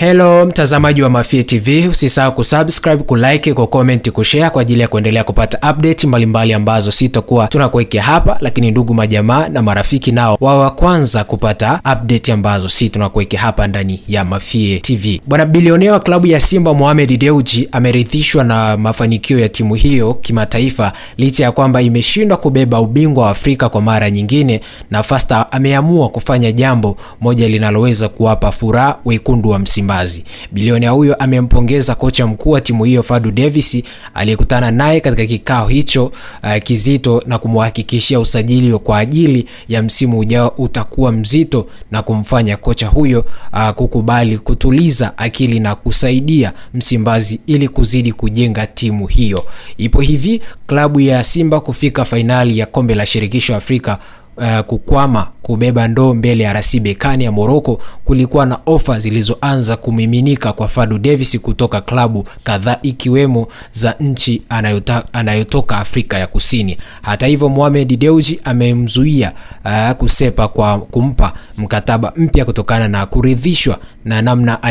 Hello mtazamaji wa Mafie TV, usisahau kusubscribe, kulike, kucomment, kushare kwa ajili ya kuendelea kupata update mbalimbali mbali ambazo sitakuwa tunakuwekea hapa, lakini ndugu majamaa na marafiki nao wawe wa kwanza kupata update ambazo si tunakuwekea hapa ndani ya Mafie TV. Bwana bilionea wa klabu ya Simba Mohamed deuji ameridhishwa na mafanikio ya timu hiyo kimataifa licha ya kwamba imeshindwa kubeba ubingwa wa Afrika kwa mara nyingine, na Fasta ameamua kufanya jambo moja linaloweza kuwapa furaha wekundu wa msimu Msimbazi. Bilionea huyo amempongeza kocha mkuu wa timu hiyo Fadu Davis aliyekutana naye katika kikao hicho uh, kizito na kumhakikishia usajili kwa ajili ya msimu ujao utakuwa mzito na kumfanya kocha huyo uh, kukubali kutuliza akili na kusaidia Msimbazi ili kuzidi kujenga timu hiyo. Ipo hivi klabu ya Simba kufika fainali ya kombe la shirikisho Afrika uh, kukwama kubeba ndoo mbele ya RS Berkane ya Morocco, kulikuwa na ofa zilizoanza kumiminika kwa Fadu Davis kutoka klabu kadhaa ikiwemo za nchi anayota, anayotoka Afrika ya Kusini. Hata hivyo, Mohamed Deuji amemzuia uh, kusepa kwa kumpa mkataba mpya kutokana na kuridhishwa na namna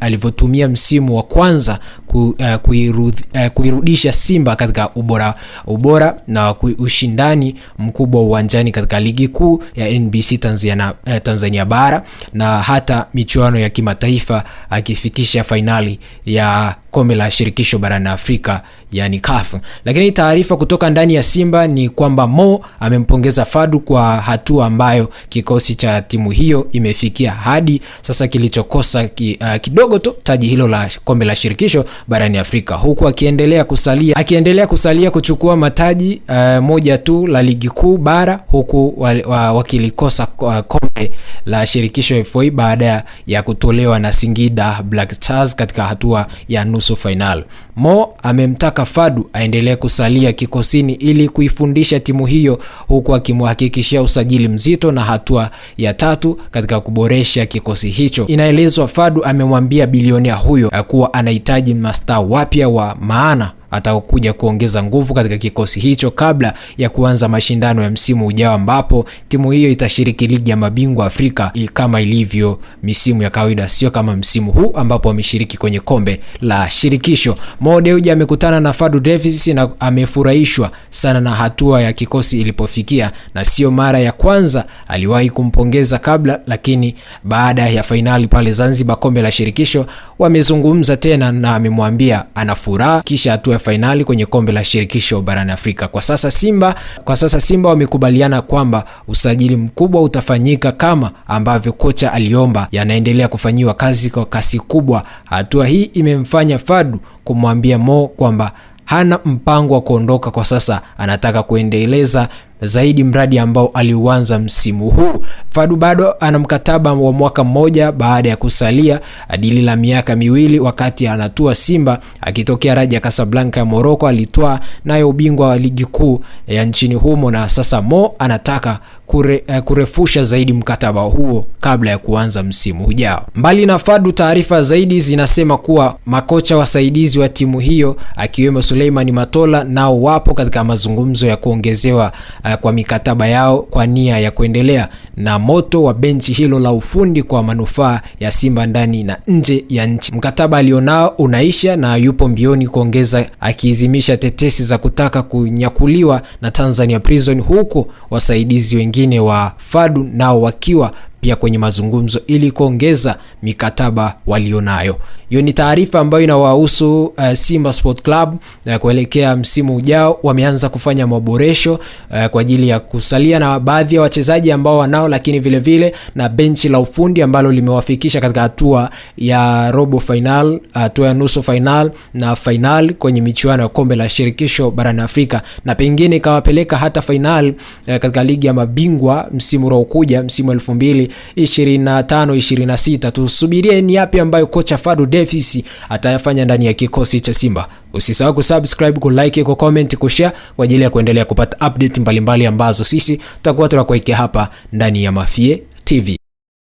alivyotumia msimu wa kwanza ku, uh, kuirudh, uh, kuirudisha Simba katika ubora, ubora na ushindani mkubwa uwanjani katika ligi kuu ya NBC Tanzania, eh, Tanzania bara na hata michuano ya kimataifa akifikisha fainali ya kombe la shirikisho barani Afrika yani CAF. Lakini taarifa kutoka ndani ya Simba ni kwamba Mo amempongeza Fadu kwa hatua ambayo kikosi cha timu hiyo imefikia hadi sasa, kilichokosa ki, uh, kidogo tu taji hilo la kombe la shirikisho barani Afrika, huku akiendelea kusalia akiendelea kusalia kuchukua mataji uh, moja tu la ligi kuu bara, huku wakilikosa wa, wa uh, baadaye la shirikisho FA baada ya kutolewa na Singida Black Stars katika hatua ya nusu final Mo amemtaka Fadu aendelee kusalia kikosini ili kuifundisha timu hiyo huku akimhakikishia usajili mzito na hatua ya tatu katika kuboresha kikosi hicho. Inaelezwa Fadu amemwambia bilionea huyo kuwa anahitaji mastaa wapya wa maana atakuja kuongeza nguvu katika kikosi hicho kabla ya kuanza mashindano ya msimu ujao, ambapo timu hiyo itashiriki ligi ya mabingwa Afrika kama ilivyo misimu ya kawaida, sio kama msimu huu ambapo wameshiriki kwenye kombe la shirikisho. Mo Dewji amekutana na Fadu Davis na amefurahishwa sana na hatua ya kikosi ilipofikia, na sio mara ya kwanza aliwahi kumpongeza kabla, lakini baada ya fainali pale Zanzibar kombe la shirikisho wamezungumza tena na amemwambia ana furaha kisha hatua fainali kwenye kombe la shirikisho barani Afrika. Kwa sasa Simba, kwa sasa Simba wamekubaliana kwamba usajili mkubwa utafanyika kama ambavyo kocha aliomba, yanaendelea kufanyiwa kazi kwa kasi kubwa. Hatua hii imemfanya Fadu kumwambia Mo kwamba hana mpango wa kuondoka kwa sasa, anataka kuendeleza zaidi mradi ambao aliuanza msimu huu. Fadu bado ana mkataba wa mwaka mmoja baada ya kusalia dili la miaka miwili wakati anatua Simba akitokea Raja Casablanca ya Morocco, alitoa nayo ubingwa wa ligi kuu ya nchini humo, na sasa Mo anataka kure, kurefusha zaidi mkataba huo kabla ya kuanza msimu ujao. Mbali na Fadu, taarifa zaidi zinasema kuwa makocha wasaidizi wa timu hiyo akiwemo Suleiman Matola nao wapo katika mazungumzo ya kuongezewa uh, kwa mikataba yao kwa nia ya kuendelea na moto wa benchi hilo la ufundi kwa manufaa ya Simba ndani na nje ya nchi. Mkataba alionao unaisha na yupo mbioni kuongeza, akiizimisha tetesi za kutaka kunyakuliwa na Tanzania Prison, huku wasaidizi wengine wa Fadu nao wakiwa pia kwenye mazungumzo ili kuongeza mikataba walionayo. Hiyo ni taarifa ambayo inawahusu uh, Simba Sport Club uh, kuelekea msimu ujao. Wameanza kufanya maboresho uh, kwa ajili ya kusalia na baadhi ya wachezaji ambao wanao, lakini vile vile na benchi la ufundi ambalo limewafikisha katika hatua ya robo final, hatua ya nusu final na final kwenye michuano ya kombe la shirikisho barani Afrika na pengine ikawapeleka hata final uh, katika ligi ya mabingwa msimu unaokuja, msimu 2025 26. Tusubirie ni yapi ambayo kocha Fadu Davis atayafanya ndani ya kikosi cha Simba. Usisahau kusubscribe, kulike, kucomment, kushare kwa ajili ya kuendelea kupata update mbalimbali mbali ambazo sisi tutakuwa tunakuwekea hapa ndani ya Mafie TV.